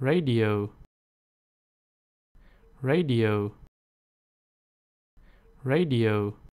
radio radio radio